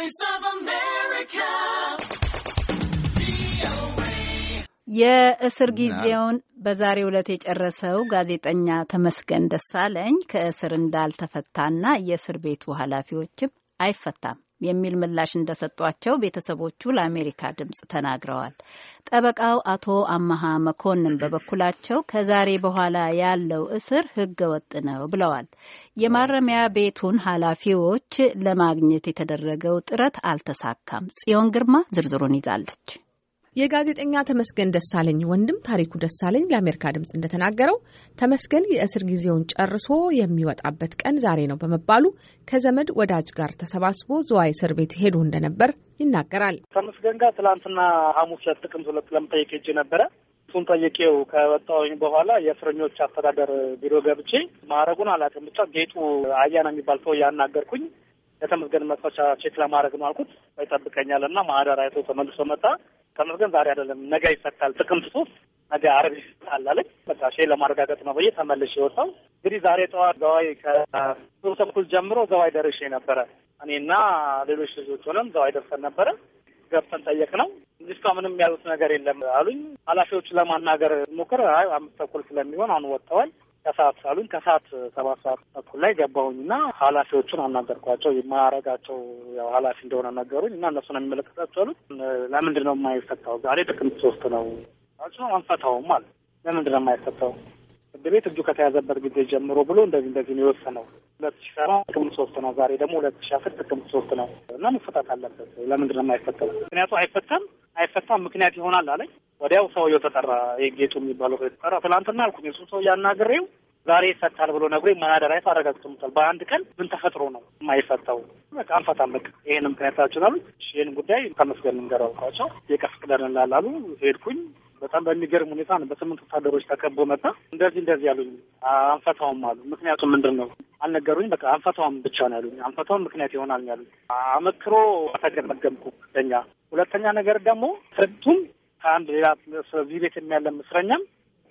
Voice of America. የእስር ጊዜውን በዛሬ ዕለት የጨረሰው ጋዜጠኛ ተመስገን ደሳለኝ ከእስር እንዳልተፈታና የእስር ቤቱ ኃላፊዎችም አይፈታም የሚል ምላሽ እንደሰጧቸው ቤተሰቦቹ ለአሜሪካ ድምፅ ተናግረዋል። ጠበቃው አቶ አመሃ መኮንን በበኩላቸው ከዛሬ በኋላ ያለው እስር ሕገ ወጥ ነው ብለዋል። የማረሚያ ቤቱን ኃላፊዎች ለማግኘት የተደረገው ጥረት አልተሳካም። ጽዮን ግርማ ዝርዝሩን ይዛለች። የጋዜጠኛ ተመስገን ደሳለኝ ወንድም ታሪኩ ደሳለኝ ለአሜሪካ ድምጽ እንደተናገረው ተመስገን የእስር ጊዜውን ጨርሶ የሚወጣበት ቀን ዛሬ ነው በመባሉ ከዘመድ ወዳጅ ጋር ተሰባስቦ ዝዋይ እስር ቤት ሄዶ እንደነበር ይናገራል። ተመስገን ጋር ትላንትና ሐሙስ ዕለት ጥቅምት ሁለት ለመጠየቅ ሄጄ ነበረ። እሱን ጠይቄው ከወጣሁኝ በኋላ የእስረኞች አስተዳደር ቢሮ ገብቼ ማዕረጉን አላውቅም፣ ብቻ ጌጡ አያና የሚባል ሰው ያናገርኩኝ የተመስገን መፈቻ ቼክ ለማድረግ ነው አልኩት። ይጠብቀኛል እና ማህደር አይቶ ተመልሶ መጣ። ተመስገን ዛሬ አይደለም ነገ ይፈታል። ጥቅምት ሶስት ነገ አረብ ይፈታል አለች። በቃ ሼ ለማረጋገጥ ነው ብዬ ተመልሼ ወጣሁ። እንግዲህ ዛሬ ጠዋት ዘዋይ ከሶስት ተኩል ጀምሮ ዘዋይ ደርሼ ነበረ። እኔና ሌሎች ልጆች ሆነም ዘዋይ ደርሰን ነበረ። ገብተን ጠየቅ ነው እንዲስቷ ምንም ያሉት ነገር የለም አሉኝ። ኃላፊዎቹ ለማናገር ሞክር አይ አምስት ተኩል ስለሚሆን አሁን ወጥተዋል ከሰዓት ሳሉኝ ከሰዓት ሰባት ሰዓት ተኩል ላይ ገባሁኝ እና ኃላፊዎቹን አናገርኳቸው የማያረጋቸው ያው ኃላፊ እንደሆነ ነገሩኝ እና እነሱን የሚመለከታቸው አሉት። ለምንድን ነው የማይፈታው? ዛሬ ጥቅምት ሶስት ነው ቸ አንፈታውም አለ። ለምንድን ነው የማይፈታው? ፍርድ ቤት እጁ ከተያዘበት ጊዜ ጀምሮ ብሎ እንደዚህ እንደዚህ ነው የወሰነው። ሁለት ሺ ሰባ ጥቅምት ሶስት ነው ዛሬ ደግሞ ሁለት ሺ አስር ጥቅምት ሶስት ነው እና መፈታት አለበት። ለምንድን ነው የማይፈታው? ምክንያቱ አይፈታም አይፈታም ምክንያት ይሆናል አለኝ ወዲያው ሰው ተጠራ። የጌጡ የሚባለው ሰው የተጠራ ትላንትና አልኩኝ። እሱ ሰው ያናግሬው ዛሬ ይፈታል ብሎ ነግሮ ማዳራየት አረጋግጦታል። በአንድ ቀን ምን ተፈጥሮ ነው የማይፈታው? በቃ አንፈታም፣ በቃ ይህን ምክንያታችን አሉ። ይህን ጉዳይ ተመስገን እንገራ አልኳቸው። የቀፍ ቅደን እንላላሉ። ሄድኩኝ። በጣም በሚገርም ሁኔታ ነው። በስምንት ወታደሮች ተከቦ መጣ። እንደዚህ እንደዚህ ያሉኝ፣ አንፈታውም አሉ። ምክንያቱም ምንድን ነው አልነገሩኝ። በቃ አንፈታውም ብቻ ነው ያሉኝ። አንፈታውም ምክንያት ይሆናል ያሉኝ። አመክሮ አተገመገምኩ። ሁለተኛ ሁለተኛ ነገር ደግሞ ፍርቱም ከአንድ ሌላ ስለዚህ ቤት የሚያለም እስረኛም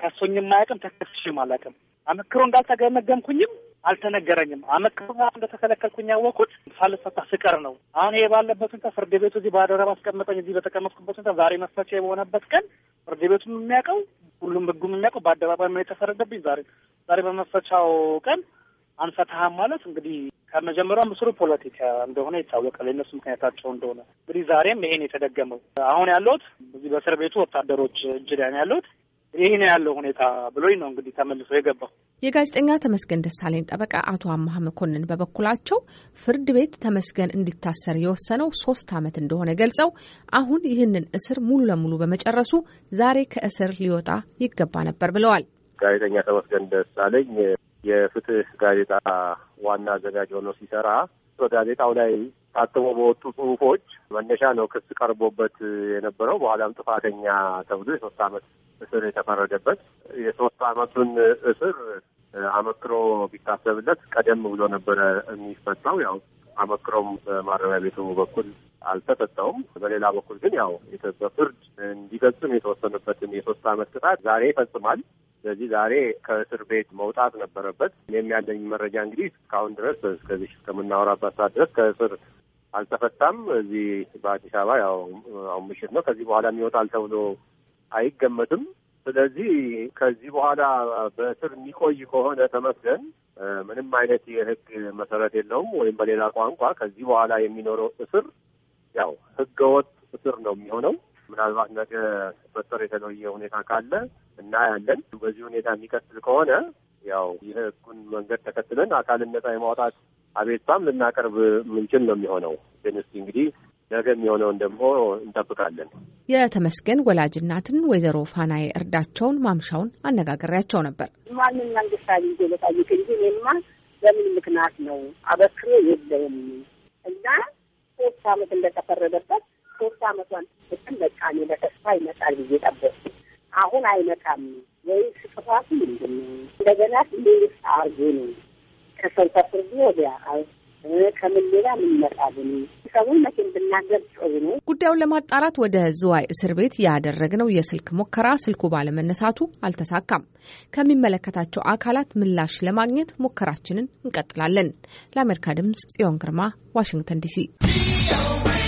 ከሶኝም አያውቅም ተከስሽም አላውቅም። አመክሮ እንዳልተገመገምኩኝም አልተነገረኝም። አመክሮ እንደተከለከልኩኝ ያወቅኩት ሳልፈታ ስቀር ነው። አሁን ይሄ ባለበት ሁኔታ ፍርድ ቤቱ እዚህ በአደራ አስቀመጠኝ። እዚህ በተቀመጥኩበት ሁኔታ ዛሬ መፈቻ በሆነበት ቀን ፍርድ ቤቱም የሚያውቀው ሁሉም ህጉም የሚያውቀው በአደባባይ የተፈረደብኝ ዛሬ ዛሬ በመፈቻው ቀን አንፈታህም ማለት እንግዲህ ከመጀመሪያውም ስሩ ፖለቲካ እንደሆነ ይታወቃል። የእነሱ ምክንያታቸው እንደሆነ እንግዲህ ዛሬም ይሄን የተደገመው አሁን ያለሁት እዚህ በእስር ቤቱ ወታደሮች እጅ ላይ ነው ያለሁት። ያለው ሁኔታ ብሎኝ ነው እንግዲህ ተመልሶ የገባው። የጋዜጠኛ ተመስገን ደሳለኝ ጠበቃ አቶ አማሀ መኮንን በበኩላቸው ፍርድ ቤት ተመስገን እንዲታሰር የወሰነው ሶስት ዓመት እንደሆነ ገልጸው አሁን ይህንን እስር ሙሉ ለሙሉ በመጨረሱ ዛሬ ከእስር ሊወጣ ይገባ ነበር ብለዋል። ጋዜጠኛ ተመስገን ደሳለኝ የፍትህ ጋዜጣ ዋና አዘጋጅ ሆኖ ሲሰራ በጋዜጣው ላይ ታትሞ በወጡ ጽሁፎች መነሻ ነው ክስ ቀርቦበት የነበረው። በኋላም ጥፋተኛ ተብሎ የሶስት አመት እስር የተፈረደበት የሶስት አመቱን እስር አመክሮ ቢታሰብለት ቀደም ብሎ ነበረ የሚፈታው። ያው አመክሮም በማረሚያ ቤቱ በኩል አልተፈጠውም። በሌላ በኩል ግን ያው በፍርድ እንዲፈጽም የተወሰነበትን የሶስት አመት ቅጣት ዛሬ ይፈጽማል። ስለዚህ ዛሬ ከእስር ቤት መውጣት ነበረበት። የሚያገኝ መረጃ እንግዲህ እስካሁን ድረስ እስከዚህ እስከምናወራበት ሰዓት ድረስ ከእስር አልተፈታም። እዚህ በአዲስ አበባ ያው አሁን ምሽት ነው። ከዚህ በኋላ የሚወጣል ተብሎ አይገመትም። ስለዚህ ከዚህ በኋላ በእስር የሚቆይ ከሆነ ተመስገን ምንም አይነት የህግ መሰረት የለውም። ወይም በሌላ ቋንቋ ከዚህ በኋላ የሚኖረው እስር ያው ህገወጥ እስር ነው የሚሆነው። ምናልባት ነገ በጠር የተለየ ሁኔታ ካለ እና ያለን በዚህ ሁኔታ የሚቀጥል ከሆነ ያው የህጉን መንገድ ተከትለን አካልን ነጻ የማውጣት አቤቱታም ልናቀርብ ምንችል ነው የሚሆነው ግን እስቲ እንግዲህ ነገ የሚሆነውን ደግሞ እንጠብቃለን። የተመስገን ወላጅ እናትን ወይዘሮ ፋናዬ እርዳቸውን ማምሻውን አነጋግሬያቸው ነበር። ማንም መንግስት አግኝቶ በጠየቀ እንጂ እኔማ በምን ምክንያት ነው አበክሮ የለውም እና ሶስት አመት እንደተፈረደበት ሶስት አመቷን ስትል በቃ እኔ በተስፋ ይመጣል ብዬ ጠበቅኩ። አሁን አይመጣም ወይ ስጥፋቱ ምንድን ነው? እንደገና ሌስ አርጉ ነው ከሰልፈ ፍርድ ወዲያ ከምን ሌላ ምን ይመጣልን? ብናገር ጥሩ ነው። ጉዳዩን ለማጣራት ወደ ዝዋይ እስር ቤት ያደረግነው የስልክ ሙከራ ስልኩ ባለመነሳቱ አልተሳካም። ከሚመለከታቸው አካላት ምላሽ ለማግኘት ሙከራችንን እንቀጥላለን። ለአሜሪካ ድምጽ ጽዮን ግርማ ዋሽንግተን ዲሲ